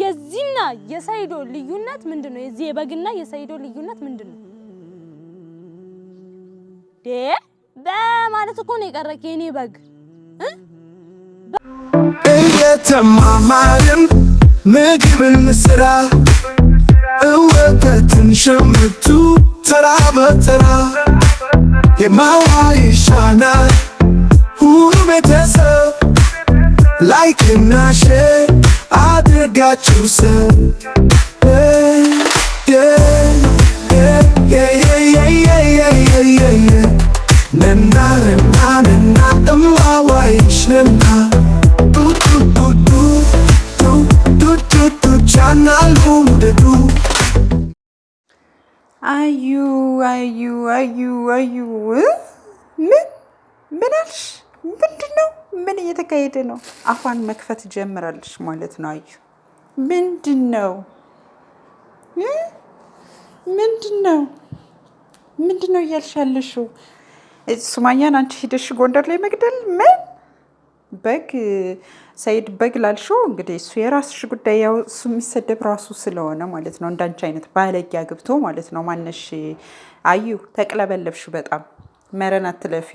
የዚህና የሰይዶ ልዩነት ምንድን ነው? የዚህ የበግና የሰይዶ ልዩነት ምንድን ነው? ዴ በማለት እኮ ነው የቀረክ የኔ በግ። እየተማማርን ምግብን ስራ እወተትን ሸምቱ ተራ በተራ የማዋ ሁሉ ቤተሰብ ላይክ እና ሼር አድርጋችሁ አዩ አዩ አዩ አዩ ምን ምን አልሽ? ምንድን ነው? ምን እየተካሄደ ነው? አፏን መክፈት ጀምራለች ማለት ነው። አዩ ምንድን ነው? ምንድን ነው? ምንድን ነው እያልሽ ያለሽው? ሱማያን አንቺ ሂደሽ ጎንደር ላይ መግደል ምን በግ ሰይድ በግ ላልሽው እንግዲህ እሱ የራስሽ ጉዳይ። ያው እሱ የሚሰደብ ራሱ ስለሆነ ማለት ነው። እንዳንቺ አይነት ባለጌ አግብቶ ማለት ነው። ማነሽ አዩ ተቅለበለብሽ። በጣም መረን አትለፊ።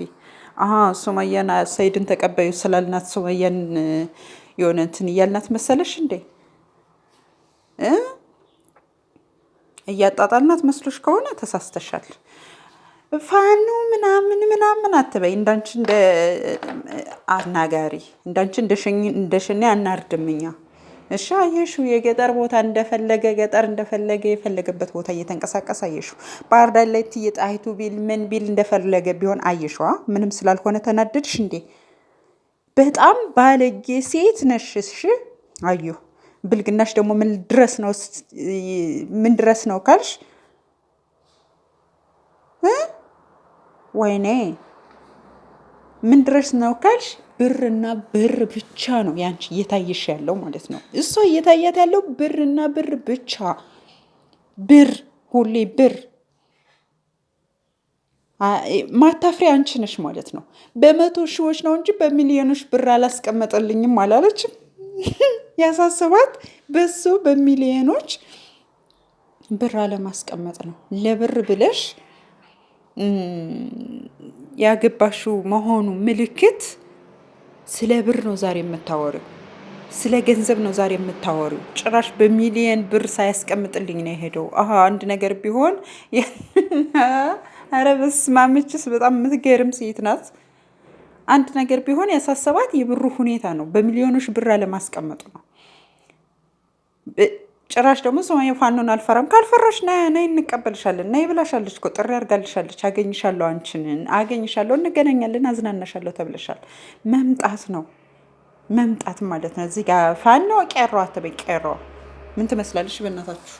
አሀ ሱመያን ሰይድን ተቀበዩ ስላልናት ሱመያን የሆነ እንትን እያልናት መሰለሽ እንዴ? እያጣጣልናት መስሎሽ ከሆነ ተሳስተሻል። ፋኑ ምናምን ምናምን አትበይ። እንዳንቺ እንደ አናጋሪ እንዳንቺ እንደ ሸኔ አናርድምኛ እሺ አየሹ የገጠር ቦታ እንደፈለገ ገጠር እንደፈለገ የፈለገበት ቦታ እየተንቀሳቀስ አየሹ ባህር ዳር ላይ እትዬ ጣይቱ ቢል ምን ቢል እንደፈለገ ቢሆን አየሹ ምንም ስላልሆነ ተናደድሽ እንዴ? በጣም ባለጌ ሴት ነሽሽ አዩ ብልግናሽ ደግሞ ምን ድረስ ነው? ምን ድረስ ነው ካልሽ ወይኔ ምን ድረስ ነው ካልሽ ብርና ብር ብቻ ነው ያንቺ እየታየሽ ያለው ማለት ነው። እሷ እየታያት ያለው ብርና ብር ብቻ፣ ብር ሁሌ ብር። ማታፍሪያ አንቺ ነሽ ማለት ነው። በመቶ ሺዎች ነው እንጂ በሚሊዮኖች ብር አላስቀመጠልኝም አላለችም። ያሳሰባት በሱ በሚሊዮኖች ብር አለማስቀመጥ ነው። ለብር ብለሽ ያገባሽው መሆኑ ምልክት ስለ ብር ነው ዛሬ የምታወሪው፣ ስለ ገንዘብ ነው ዛሬ የምታወሪው። ጭራሽ በሚሊየን ብር ሳያስቀምጥልኝ ነው የሄደው። አ አንድ ነገር ቢሆን ኧረ በስመ አብ በጣም የምትገርም ሴት ናት። አንድ ነገር ቢሆን ያሳሰባት የብሩ ሁኔታ ነው፣ በሚሊዮኖች ብር አለማስቀመጡ ነው። ጭራሽ ደግሞ ሱማያ ፋኖን አልፈራም። ካልፈራሽ ና ና እንቀበልሻለን፣ ና ይብላሻለች፣ እኮ ጥሪ አድርጋልሻለች። አገኝሻለሁ፣ አንቺን አገኝሻለሁ፣ እንገናኛለን፣ አዝናናሻለሁ ተብለሻል። መምጣት ነው መምጣት ማለት ነው። እዚህ ጋር ፋኖ ቄሮ አትበይ። ቄሮ ምን ትመስላለች? በእናታችሁ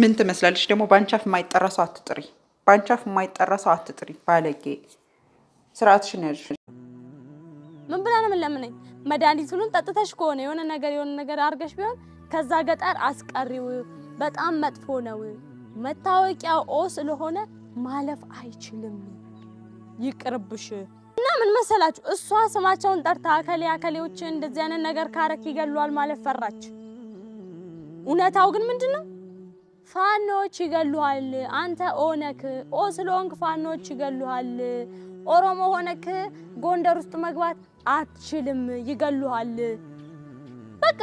ምን ትመስላለች ደግሞ? በአንቻፍ የማይጠራ ሰው አትጥሪ፣ በአንቻፍ የማይጠራ ሰው አትጥሪ። ባለጌ ስርዓትሽን ያዥ። ምን ብላ ነው የምንለምነኝ? መድኃኒቱን ጠጥተሽ ከሆነ የሆነ ነገር የሆነ ነገር አድርገሽ ቢሆን ከዛ ገጠር አስቀሪው፣ በጣም መጥፎ ነው። መታወቂያ ኦ ስለሆነ ማለፍ አይችልም፣ ይቅርብሽ። እና ምን መሰላችሁ እሷ ስማቸውን ጠርታ አከሌ አከሌዎች እንደዚህ አይነት ነገር ካረክ ይገሏል ማለት ፈራች። እውነታው ግን ምንድን ነው? ፋኖች ይገሉሃል። አንተ ኦነክ ኦ ስለሆንክ ፋኖች ይገሉሃል። ኦሮሞ ሆነክ ጎንደር ውስጥ መግባት አትችልም፣ ይገሉሃል። በቃ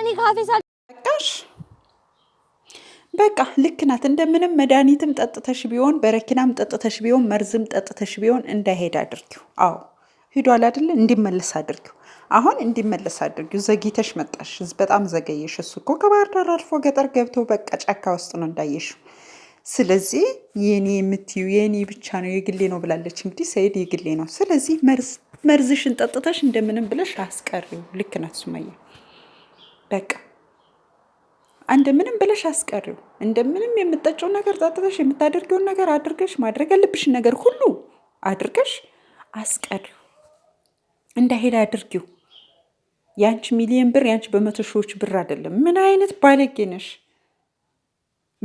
እኔ ካፌሳ በቃሽ፣ በቃ ልክ ናት። እንደምንም መድኃኒትም ጠጥተሽ ቢሆን በረኪናም ጠጥተሽ ቢሆን መርዝም ጠጥተሽ ቢሆን እንዳይሄድ አድርጊው። አዎ ሂዷል አይደለ? እንዲመለስ አድርጊው። አሁን እንዲመለስ አድርጊው። ዘግይተሽ መጣሽ፣ በጣም ዘገየሽ። እሱ እኮ ከባህር ዳር አልፎ ገጠር ገብቶ በቃ ጫካ ውስጥ ነው እንዳየሽው ስለዚህ የኔ የምትዩ የኔ ብቻ ነው የግሌ ነው ብላለች። እንግዲህ ሰይድ የግሌ ነው። ስለዚህ መርዝሽን ጠጥተሽ እንደምንም ብለሽ አስቀሪው። ልክ ናት ሱመያ። በቃ እንደምንም ብለሽ አስቀሪው። እንደምንም የምጠጨው ነገር ጠጥተሽ የምታደርገውን ነገር አድርገሽ ማድረግ ያለብሽን ነገር ሁሉ አድርገሽ አስቀሪው። እንዳሄድ አድርጊው። ያንቺ ሚሊዮን ብር ያንቺ በመቶ ሺዎች ብር አይደለም። ምን አይነት ባለጌ ነሽ?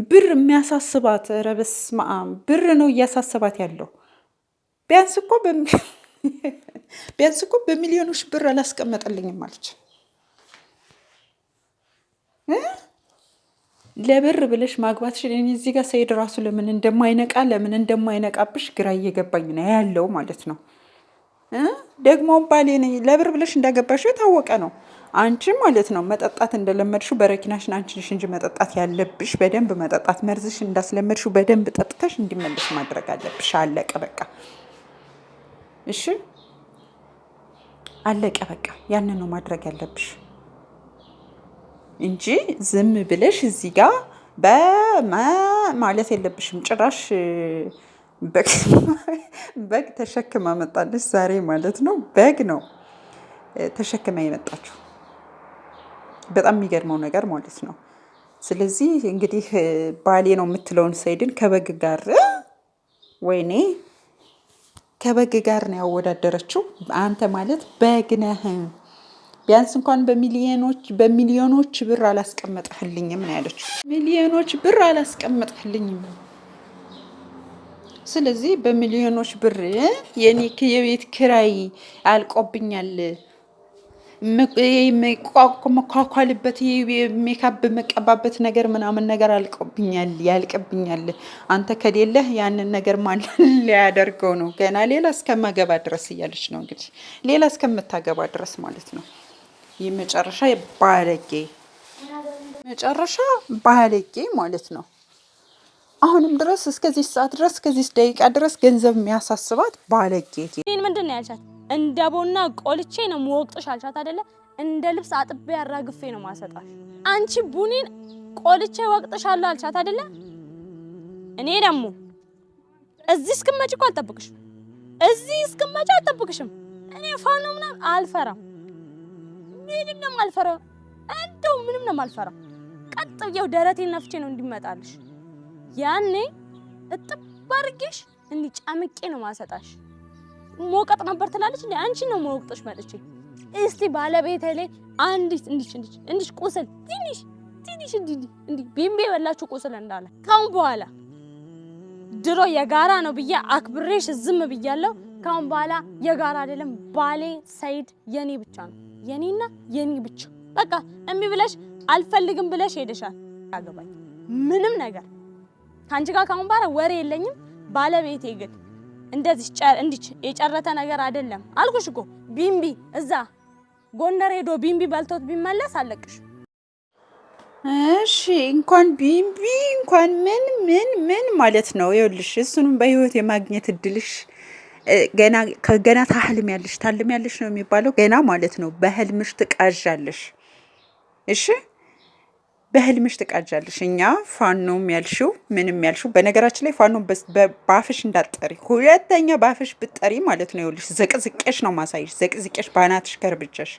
ብር የሚያሳስባት ረበስ ማም ብር ነው እያሳስባት ያለው። ቢያንስ እኮ ቢያንስ እኮ በሚሊዮኖች ብር አላስቀመጠልኝም አለች። ለብር ብለሽ ማግባት እኔ እዚህ ጋር ሰይድ ራሱ ለምን እንደማይነቃ ለምን እንደማይነቃብሽ ግራ እየገባኝ ነው ያለው ማለት ነው። ደግሞ ባሌ ለብር ብለሽ እንዳገባሽው የታወቀ ነው። አንቺ ማለት ነው መጠጣት እንደለመድሽው በረኪናሽን አንቺ ነሽ እንጂ መጠጣት ያለብሽ በደንብ መጠጣት መርዝሽ እንዳስለመድሽው በደንብ ጠጥተሽ እንዲመለስ ማድረግ አለብሽ። አለቀ በቃ። እሺ አለቀ በቃ። ያንን ነው ማድረግ ያለብሽ እንጂ ዝም ብለሽ እዚህ ጋ በመ ማለት የለብሽም። ጭራሽ በግ ተሸክማ መጣለች ዛሬ ማለት ነው። በግ ነው ተሸክማ የመጣችው። በጣም የሚገርመው ነገር ማለት ነው። ስለዚህ እንግዲህ ባሌ ነው የምትለውን ሰይድን ከበግ ጋር ወይኔ ከበግ ጋር ነው ያወዳደረችው። አንተ ማለት በግ ነህ፣ ቢያንስ እንኳን በሚሊዮኖች በሚሊዮኖች ብር አላስቀመጥህልኝም ነው ያለችው። ሚሊዮኖች ብር አላስቀመጥህልኝም። ስለዚህ በሚሊዮኖች ብር የኔ የቤት ክራይ አልቆብኛል መኳኳልበት ሜካፕ የምቀባበት ነገር ምናምን ነገር አልቆብኛል ያልቅብኛል። አንተ ከሌለህ ያንን ነገር ማን ሊያደርገው ነው? ገና ሌላ እስከማገባ ድረስ እያለች ነው እንግዲህ ሌላ እስከምታገባ ድረስ ማለት ነው። ይህ መጨረሻ ባለጌ መጨረሻ ባለጌ ማለት ነው። አሁንም ድረስ እስከዚህ ሰዓት ድረስ እስከዚህ ደቂቃ ድረስ ገንዘብ የሚያሳስባት ባለጌ ምንድን ነው ያልቻት እንደ ቦና ቆልቼ ነው መወቅጦሽ አልሻት አይደለ? እንደ ልብስ አጥቤ ያራግፌ ነው ማሰጣሽ። አንቺ ቡኒን ቆልቼ ወቅጥሻለሁ አልሻት አይደለ? እኔ ደግሞ እዚህ እስክመጪ እኮ አልጠብቅሽም። እዚህ እስክመጪ አልጠብቅሽም። እኔ ፋኖ ምናምን አልፈራም። ምንም ነው የማልፈራው፣ እንደው ምንም ነው የማልፈራው። ቀጥ ብዬው ደረቴን ነፍቼ ነው እንዲመጣልሽ። ያኔ እጥብ አድርጌሽ እንዲጫምቄ ነው ማሰጣሽ። ሞቀጥ ነበር ትላለች። እንደ አንቺን ነው መወቅጦች መጥቼ እስቲ ባለቤቴ ላይ አንዲት እንዲች እንዲች እንዲች ቁስል ትንሽ ትንሽ እንዲ እንዲ ቢምቤ በላችሁ ቁስል እንዳለ ካሁን በኋላ ድሮ የጋራ ነው ብዬ አክብሬሽ ዝም ብያለሁ። ካሁን በኋላ የጋራ አይደለም ባሌ ሰይድ የኔ ብቻ ነው፣ የኔና የኔ ብቻ በቃ። እምቢ ብለሽ አልፈልግም ብለሽ ሄደሻል። አገባኝ ምንም ነገር ከአንቺ ጋር ካሁን በኋላ ወሬ የለኝም። ባለቤቴ ግን እንደዚህ እንዲች የጨረተ ነገር አይደለም አልኩሽ እኮ ቢምቢ እዛ ጎንደር ሄዶ ቢምቢ በልቶት ቢመለስ አለቅሽ። እሺ እንኳን ቢምቢ እንኳን ምን ምን ምን ማለት ነው? ይኸውልሽ እሱንም በህይወት የማግኘት እድልሽ ገና ከገና ታህልም ያለሽ ታልም ያለሽ ነው የሚባለው ገና ማለት ነው። በህልምሽ ትቃዣለሽ። እሺ በህልምሽ ትቃጃለሽ። እኛ ፋኖም ያልሽው ምንም ያልሽው በነገራችን ላይ ፋኖ በአፍሽ እንዳትጠሪ፣ ሁለተኛ በአፍሽ ብትጠሪ ማለት ነው ይኸውልሽ፣ ዘቅዝቄሽ ነው ማሳይሽ፣ ዘቅዝቄሽ በአናትሽ ከርብጨሽ፣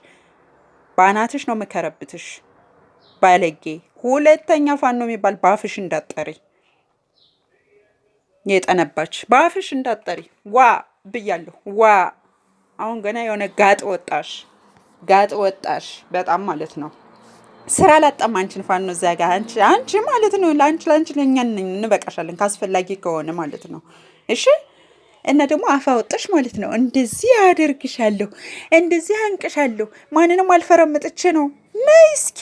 በአናትሽ ነው መከረብትሽ፣ ባለጌ። ሁለተኛ ፋኖ የሚባል በአፍሽ እንዳትጠሪ፣ የጠነባች በአፍሽ እንዳትጠሪ። ዋ ብያለሁ፣ ዋ አሁን ገና የሆነ ጋጥ ወጣሽ፣ ጋጥ ወጣሽ በጣም ማለት ነው። ስራ ላጣም አንቺን ነው እዛ ጋር አንቺ አንቺ ማለት ነው ለአንቺ ለአንቺ ለእኛ እንበቃሻለን ካስፈላጊ ከሆነ ማለት ነው። እሺ እና ደግሞ አፋወጥሽ ማለት ነው እንደዚህ አደርግሻለሁ፣ እንደዚህ አንቅሻለሁ፣ ማንንም አልፈረምጥች ነው። ነይ እስኪ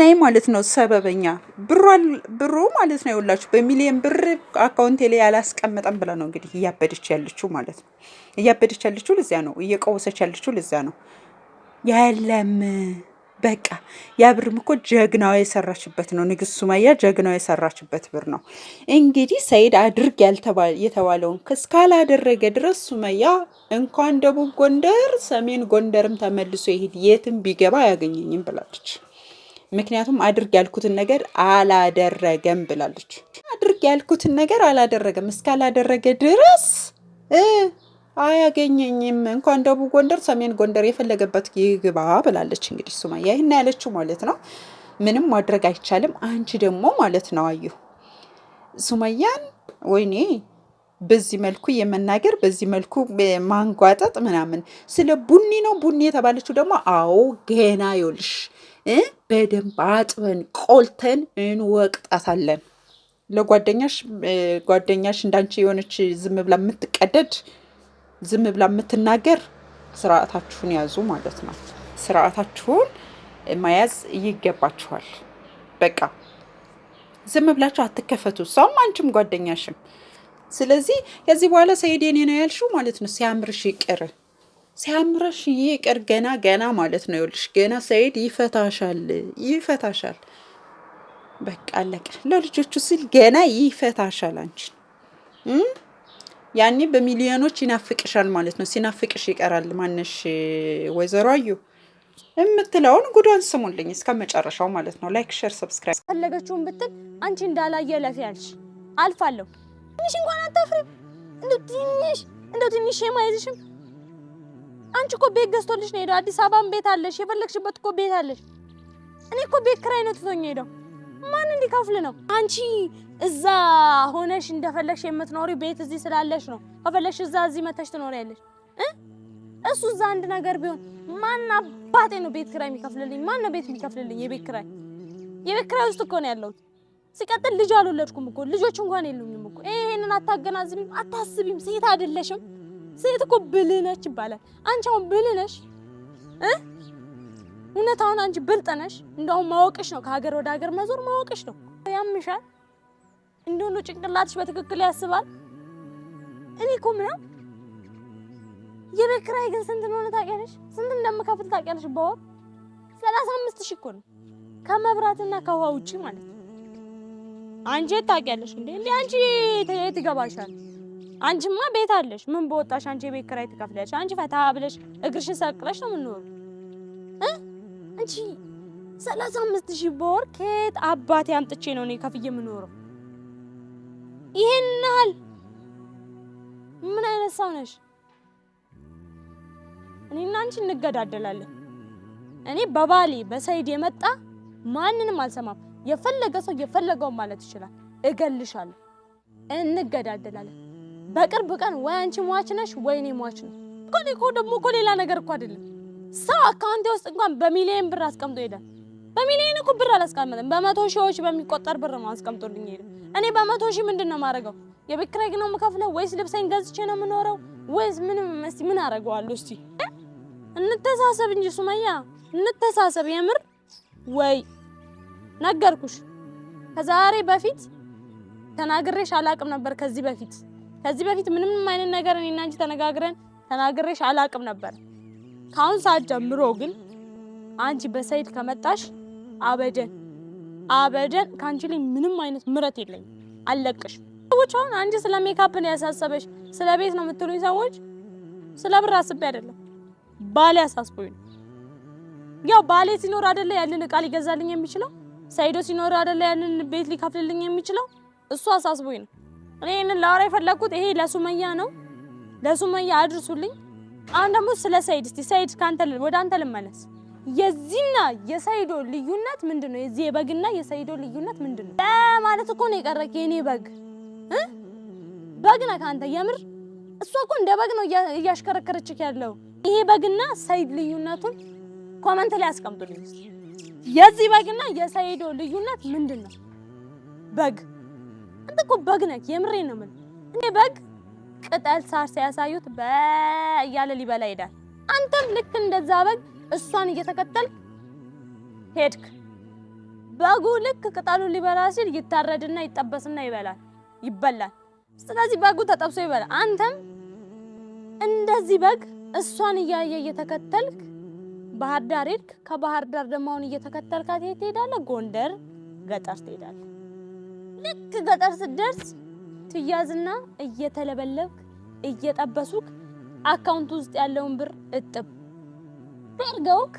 ነይ ማለት ነው። ሰበበኛ ብሩ ማለት ነው የውላችሁ በሚሊየን ብር አካውንቴ ላይ ያላስቀመጠም ብላ ነው እንግዲህ እያበደች ያለችው ማለት ነው። እያበደች ያለችው ለዚያ ነው፣ እየቀወሰች ያለችው ለዚያ ነው ያለም በቃ ያ ብርም እኮ ጀግናዋ የሰራችበት ነው። ንግስት ሱመያ ጀግናዋ የሰራችበት ብር ነው። እንግዲህ ሰይድ አድርግ የተባለውን ክስ ድረስ ሱመያ እንኳን ደቡብ ጎንደር ሰሜን ጎንደርም ተመልሶ ይሄድ የትም ቢገባ አያገኘኝም ብላለች። ምክንያቱም አድርግ ያልኩትን ነገር አላደረገም ብላለች። አድርግ ያልኩትን ነገር አላደረገም እስካላደረገ ድረስ አያገኘኝም እንኳን ደቡብ ጎንደር ሰሜን ጎንደር የፈለገበት ይግባ ብላለች። እንግዲህ ሱመያ ይህን ያለችው ማለት ነው። ምንም ማድረግ አይቻልም። አንቺ ደግሞ ማለት ነው አዩ ሱመያን ወይኔ በዚህ መልኩ የመናገር በዚህ መልኩ ማንጓጠጥ ምናምን ስለ ቡኒ ነው። ቡኒ የተባለችው ደግሞ አዎ ገና ይኸውልሽ በደንብ አጥበን ቆልተን እንወቅጣታለን። ለጓደኛሽ ጓደኛሽ እንዳንቺ የሆነች ዝም ብላ የምትቀደድ ዝም ብላ የምትናገር ስርዓታችሁን ያዙ ማለት ነው። ስርዓታችሁን መያዝ ይገባችኋል። በቃ ዝም ብላችሁ አትከፈቱ፣ ሰውም አንቺም ጓደኛሽም። ስለዚህ ከዚህ በኋላ ሰኢድ የኔ ነው ያልሽው ማለት ነው ሲያምርሽ ይቅር ሲያምርሽ ይቅር። ገና ገና ማለት ነው ይኸውልሽ፣ ገና ሰኢድ ይፈታሻል፣ ይፈታሻል። በቃ አለቀ። ለልጆቹ ሲል ገና ይፈታሻል አንቺን ያኔ በሚሊዮኖች ይናፍቅሻል ማለት ነው። ሲናፍቅሽ ይቀራል ማነሽ ወይዘሮ አዩ የምትለውን ጉዷን ስሙልኝ እስከ መጨረሻው ማለት ነው። ላይክ፣ ሼር፣ ሰብስክራይብ ፈለገችውን ብትል አንቺ እንዳላየ ለት ያልሽ አልፋለሁ። ትንሽ እንኳን አታፍሪም። እንደ ትንሽ እንደ ትንሽ የማይዝሽም አንቺ እኮ ቤት ገዝቶልሽ ነው ሄደው። አዲስ አበባን ቤት አለሽ፣ የፈለግሽበት እኮ ቤት አለሽ። እኔ እኮ ቤት ክራይ ነው ትቶኝ ሄደው። ማን እንዲከፍል ነው አንቺ እዛ ሆነሽ እንደፈለግሽ የምትኖሪ ቤት እዚህ ስላለሽ ነው። ከፈለግሽ እዛ እዚህ መተሽ ትኖሪያለሽ። እሱ እዛ አንድ ነገር ቢሆን ማን አባቴ ነው ቤት ክራይ የሚከፍልልኝ? ማን ነው ቤት የሚከፍልልኝ? የቤት ክራይ የቤት ክራይ ውስጥ እኮ ነው ያለሁት። ሲቀጥል ልጅ አልወለድኩም እኮ ልጆች እንኳን የሉኝም እኮ። ይሄንን አታገናዝቢም፣ አታስቢም። ሴት አይደለሽም። ሴት እኮ ብልህ ነች ይባላል። አንቺ አሁን ብልህ ነሽ እ እውነት አሁን አንቺ ብልጥ ነሽ። እንደውም ማወቅሽ ነው ከሀገር ወደ ሀገር መዞር ማወቅሽ ነው። ያምሻል እንደሆነ ጭንቅላትሽ በትክክል ያስባል። እኔ እኮ ምናምን የቤት ኪራይ ግን ስንት እንደሆነ ታውቂያለሽ? ስንት እንደምከፍል ታውቂያለሽ? በወር ሰላሳ አምስት ሺህ እኮ ነው ከመብራትና ከውሃ ውጪ ማለት ነው። አንቺ ታውቂያለሽ እንዴ? እንዴ አንቺ የት ይገባሻል? አንቺማ ቤት አለሽ። ምን በወጣሽ አንቺ የቤት ኪራይ ትከፍለሽ። አንቺ ፈታ ብለሽ እግርሽን ሰቅለሽ ነው የምንኖረው እ አንቺ ሰላሳ አምስት ሺህ በወር ከየት አባቴ አምጥቼ ነው እኔ ከፍዬ የምኖረው? ይሄን ያህል ምን አይነት ሰው ነሽ? እኔና አንቺ እንገዳደላለን። እኔ በባሌ በሰይድ የመጣ ማንንም አልሰማም። የፈለገ ሰው የፈለገውን ማለት ይችላል። እገልሻለሁ። እንገዳደላለን። በቅርብ ቀን ወይ አንቺ ሟች ነሽ ወይ እኔ ሟች ነው። እኮ ደግሞ እኮ ሌላ ነገር እኮ አይደለም። ሰው አካውንቴ ውስጥ እንኳን በሚሊዮን ብር አስቀምጦ ይሄዳል። በሚሊዮን እኮ ብር አላስቀምጥም። በመቶ ሺዎች በሚቆጠር ብር ነው አስቀምጦልኝ ሄደ። እኔ በመቶ ሺህ ምንድን ነው የማደርገው? የቤት ኪራይ ነው የምከፍለው ወይስ ልብሰኝ ገዝቼ ነው የምኖረው ወይስ ምን እስቲ ምን አደርገዋለሁ? እስቲ እንተሳሰብ እንጂ ሱመያ፣ እንተሳሰብ የምር ወይ ነገርኩሽ። ከዛሬ በፊት ተናግሬሽ አላቅም ነበር። ከዚህ በፊት ከዚህ በፊት ምንም አይነት ነገር እኔና አንቺ ተነጋግረን ተናግሬሽ አላቅም ነበር። ከአሁን ሰዓት ጀምሮ ግን አንቺ በሰይድ ከመጣሽ አበደን አበደን። ከአንቺ ላይ ምንም አይነት ምረት የለኝ። አለቀሽ ሰዎች አሁን አንቺ ስለ ሜካፕ ነው ያሳሰበሽ፣ ስለ ቤት ነው የምትሉኝ ሰዎች። ስለ ብር አስቤ አይደለም፣ ባሌ አሳስቦኝ ነው። ያው ባሌ ሲኖር አይደለ ያንን እቃ ሊገዛልኝ የሚችለው፣ ሳይዶ ሲኖር አይደለ ያንን ቤት ሊከፍልልኝ የሚችለው። እሱ አሳስቦኝ ነው። እኔ ይህንን ላወራ የፈለግኩት ይሄ ለሱመያ ነው። ለሱመያ አድርሱልኝ። አሁን ደግሞ ስለ ሰይድ እስቲ ሰይድ ከአንተ ወደ አንተ ልመለስ። የዚህና የሰይዶ ልዩነት ምንድን ነው? የዚህ የበግና የሰይዶ ልዩነት ምንድን ነው? ማለት እኮ ነው የቀረክ የኔ በግ እ በግ ነህ አንተ የምር። እሷ እኮ እንደ በግ ነው እያሽከረከረችክ ያለው። ይሄ በግና ሰይድ ልዩነቱን ኮመንት ላይ አስቀምጡልኝ። የዚህ በግና የሰይዶ ልዩነት ምንድን ነው? በግ አንተ እኮ በግ ነህ። የምሬ ነው የምልህ። እኔ በግ ቅጠል ሳር ሲያሳዩት በእያለ ሊበላ ይሄዳል። አንተም ልክ እንደዛ በግ እሷን እየተከተልክ ሄድክ። በጉ ልክ ቅጠሉን ሊበላ ሲል ይታረድና ይጠበስና ይበላል ይበላል። ስለዚህ በጉ ተጠብሶ ይበላል። አንተም እንደዚህ በግ እሷን እያየ እየተከተልክ ባህር ዳር ሄድክ። ከባህር ዳር ደግሞ አሁን እየተከተልካት ትሄዳለህ፣ ጎንደር ገጠር ትሄዳለህ። ልክ ገጠር ስትደርስ ትያዝና እየተለበለብክ እየጠበሱክ አካውንት ውስጥ ያለውን ብር እጥብ አድርገውክ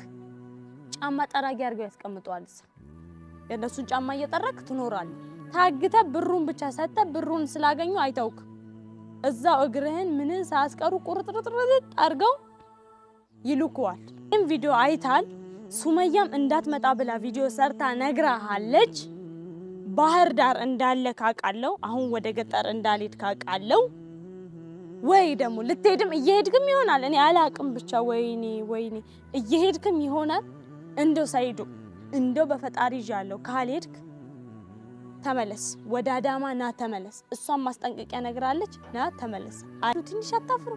ጫማ ጠራጊ አድርገው ያስቀምጠዋል። የእነሱን ጫማ እየጠረክ ትኖራል ታግተ ብሩን ብቻ ሰጥተ ብሩን ስላገኙ አይተውክ እዛው እግርህን ምን ሳያስቀሩ ቁርጥርጥርጥ አድርገው ይልኩዋል። ይህም ቪዲዮ አይታል። ሱመያም እንዳትመጣ ብላ ቪዲዮ ሰርታ ነግራሃለች። ባህር ዳር እንዳለ ካቃለው፣ አሁን ወደ ገጠር እንዳልሄድ ካቃለው ወይ ደግሞ ልትሄድም እየሄድክም ይሆናል። እኔ አላቅም ብቻ ወይኔ ወይኔ እየሄድክም ይሆናል። እንደው ሳይዱ እንደው በፈጣሪ ይዣለሁ ካልሄድክ ተመለስ፣ ወደ አዳማ ና ተመለስ። እሷን ማስጠንቀቂያ ነግራለች። ና ተመለስ አሉ። ትንሽ አታፍሩ?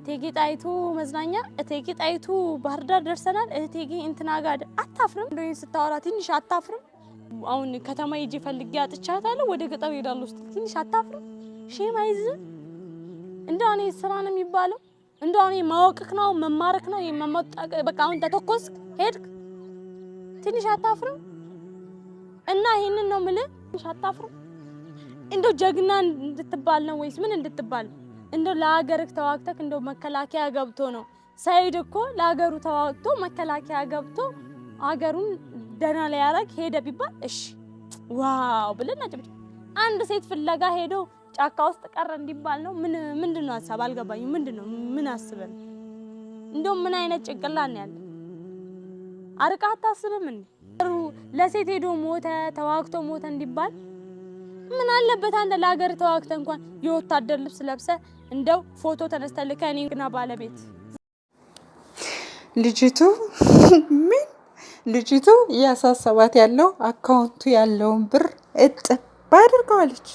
እቴጌ ጣይቱ መዝናኛ፣ እቴጌ ጣይቱ ባህር ዳር ደርሰናል፣ እቴጌ እንትና ጋር አታፍርም? እንደ ስታወራ ትንሽ አታፍርም? አሁን ከተማ ሄጄ ፈልጌ አጥቻታለሁ፣ ወደ ገጠር ሄዳለሁ ትንሽ አታፍርም? ሼም አይዝም እንደው እኔ ስራ ነው የሚባለው? እንደው እኔ ማወቅክ ነው መማርክ ነው የማመጣቀ በቃ አሁን ተተኮስክ ሄድክ፣ ትንሽ አታፍርም? እና ይሄንን ነው የምልህ፣ ትንሽ አታፍርም? እንደው ጀግና እንድትባል ነው ወይስ ምን እንድትባል? እንደው ለሀገርክ ተዋግተክ እንደው መከላከያ ገብቶ ነው ሳይድ እኮ ለሀገሩ ተዋግቶ መከላከያ ገብቶ ሀገሩን ደህና ላይ ያረግ ሄደ ቢባል እሺ ዋው ብለን አንድ ሴት ፍለጋ ሄዶ ጫካ ውስጥ ቀረ እንዲባል ነው። ምን ምንድን ነው ሀሳብ አልገባኝም። ምንድን ነው ምን አስበን እንደውም ምን አይነት ጭንቅላት ነው ያለ? አርቃ አታስብም እንዴ? ለሴት ሄዶ ሞተ ተዋግቶ ሞተ እንዲባል ምን አለበት? አንተ ለሀገር ተዋግተ እንኳን የወታደር ልብስ ለብሰ እንደው ፎቶ ተነስተል ከኔ ግና ባለቤት ልጅቱ ምን ልጅቱ እያሳሰባት ያለው አካውንቱ ያለውን ብር እጥ አድርገዋለች።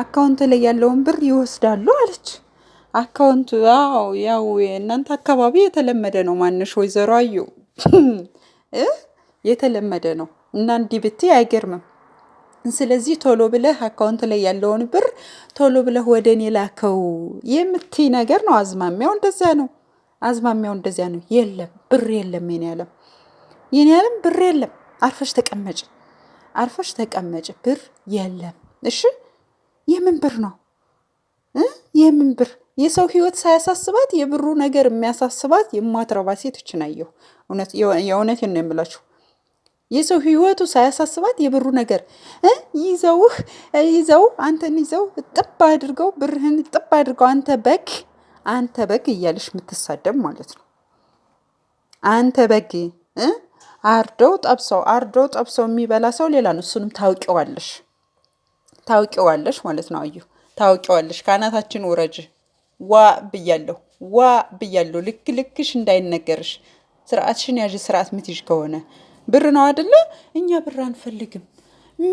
አካውንት ላይ ያለውን ብር ይወስዳሉ አለች። አካውንቱ አዎ፣ ያው እናንተ አካባቢ የተለመደ ነው ማንሽ ወይዘሮ አዩ የተለመደ ነው እና እንዲህ ብትይ አይገርምም። ስለዚህ ቶሎ ብለህ አካውንት ላይ ያለውን ብር ቶሎ ብለህ ወደ እኔ ላከው የምትይ ነገር ነው። አዝማሚያው እንደዚያ ነው። አዝማሚያው እንደዚያ ነው። የለም ብር የለም፣ የኔ ያለም የኔ ያለም ብር የለም። አርፈሽ ተቀመጭ፣ አርፈሽ ተቀመጭ፣ ብር የለም። እሺ የምን ብር ነው? የምን ብር የሰው ህይወት ሳያሳስባት የብሩ ነገር የሚያሳስባት የማትረባ ሴት እችናየሁ። የእውነቴን ነው የምላችሁ። የሰው ህይወቱ ሳያሳስባት የብሩ ነገር ይዘውህ ይዘው አንተን ይዘው ጥብ አድርገው ብርህን ጥብ አድርገው አንተ በግ አንተ በግ እያለሽ የምትሳደብ ማለት ነው። አንተ በግ አርደው ጠብሰው አርደው ጠብሰው የሚበላ ሰው ሌላ ነው። እሱንም ታውቂዋለሽ። ታውቂዋለሽ ማለት ነው። አዩ ታውቂዋለሽ፣ ከአናታችን ውረጅ። ዋ ብያለሁ፣ ዋ ብያለሁ። ልክ ልክሽ እንዳይነገርሽ፣ ስርዓትሽን ያዥ። ስርዓት ምትይዥ ከሆነ ብር ነው አደለ? እኛ ብር አንፈልግም።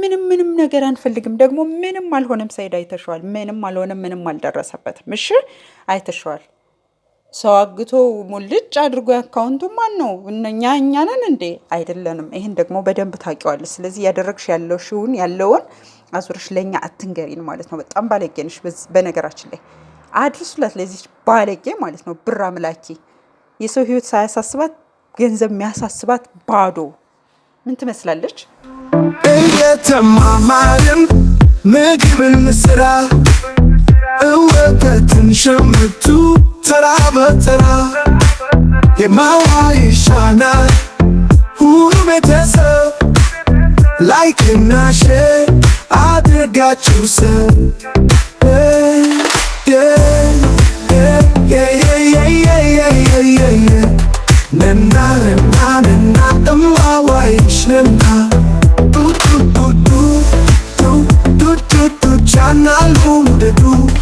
ምንም ምንም ነገር አንፈልግም። ደግሞ ምንም አልሆነም። ሰይድ አይተሸዋል። ምንም አልሆነም። ምንም አልደረሰበትም። እሺ አይተሸዋል። ሰው አግቶ ሙልጭ አድርጎ አካውንቱ ማን ነው? እነኛ እኛ ነን እንዴ? አይደለንም። ይህን ደግሞ በደንብ ታውቂዋለሽ። ስለዚህ ያደረግሽ ሽውን ያለውን አዙረሽ ለእኛ አትንገሪን ማለት ነው። በጣም ባለጌ ነሽ። በነገራችን ላይ አድርሱላት ለዚች ባለጌ ማለት ነው። ብር አምላኪ የሰው ህይወት ሳያሳስባት ገንዘብ የሚያሳስባት ባዶ ምን ትመስላለች? እየተማማርን ምግብን ስራ እወተትን ሸምቱ ተራ በተራ የማዋ ይሻናል ሁሉ ቤተሰብ ላይክና ሼር አድርጋችሁ ሰው ነናነናነና እማዋይሽና ዱዱዱዱ ዱዱዱ ቻናል ውደዱ